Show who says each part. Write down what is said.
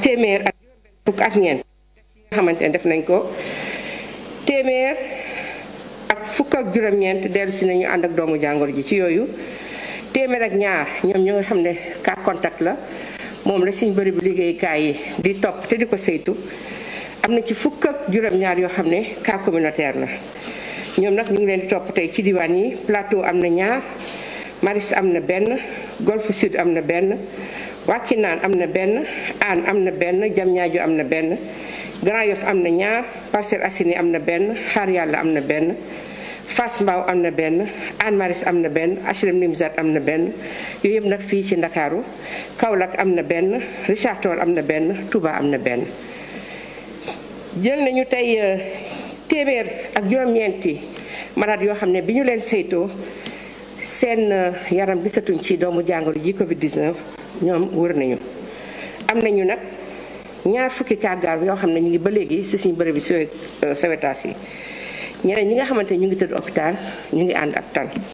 Speaker 1: téeméer ak ak ñeent test yi xamante ne def nañ ko téeméer ak fukk ak juróom-ñeent dellu si nañu ànd ak doomu jàngoro ji ci yooyu téeméer ak ñaar ñoom ñu nga xam ne cas contact la moom la suñ bëri bu liggéeykaay yi di topp te di ko saytu am na ci fukk juróom-ñaar yoo xam ne cas communautaire la ñoom nag ñu ngi leen di topp tey ci diwaan yi plateau am na ñaar maris am na benn golfe sud am na benn wàcci naan am na benn aan am na benn jamñaajo am na benn Grand Yoff am na ñaar Parcelles Assainies am na benn xaar yàlla am na benn fas Mbao am na benn Hann Maristes am na benn HLM Nimzatt am na benn yooyu yëpp nag fii ci Ndakaaru Kaolack am na benn Richard Toll am na benn Touba am na benn jël nañu tey téeméer ak juróom-ñeenti malade yoo xam ne bi ñu leen saytoo seen eh, yaram gisatuñ ci doomu jàngoro ji Covid 19 ñoom wër nañu. am nañu nag ñaar fukki cas grave yoo xam ne ñu ngi ba léegi si suñu
Speaker 2: bërëb yi sowetaas eh, yi ñeneen ñi nga xamante ñu ngi tëdd hôpital ñu ngi ànd ak tan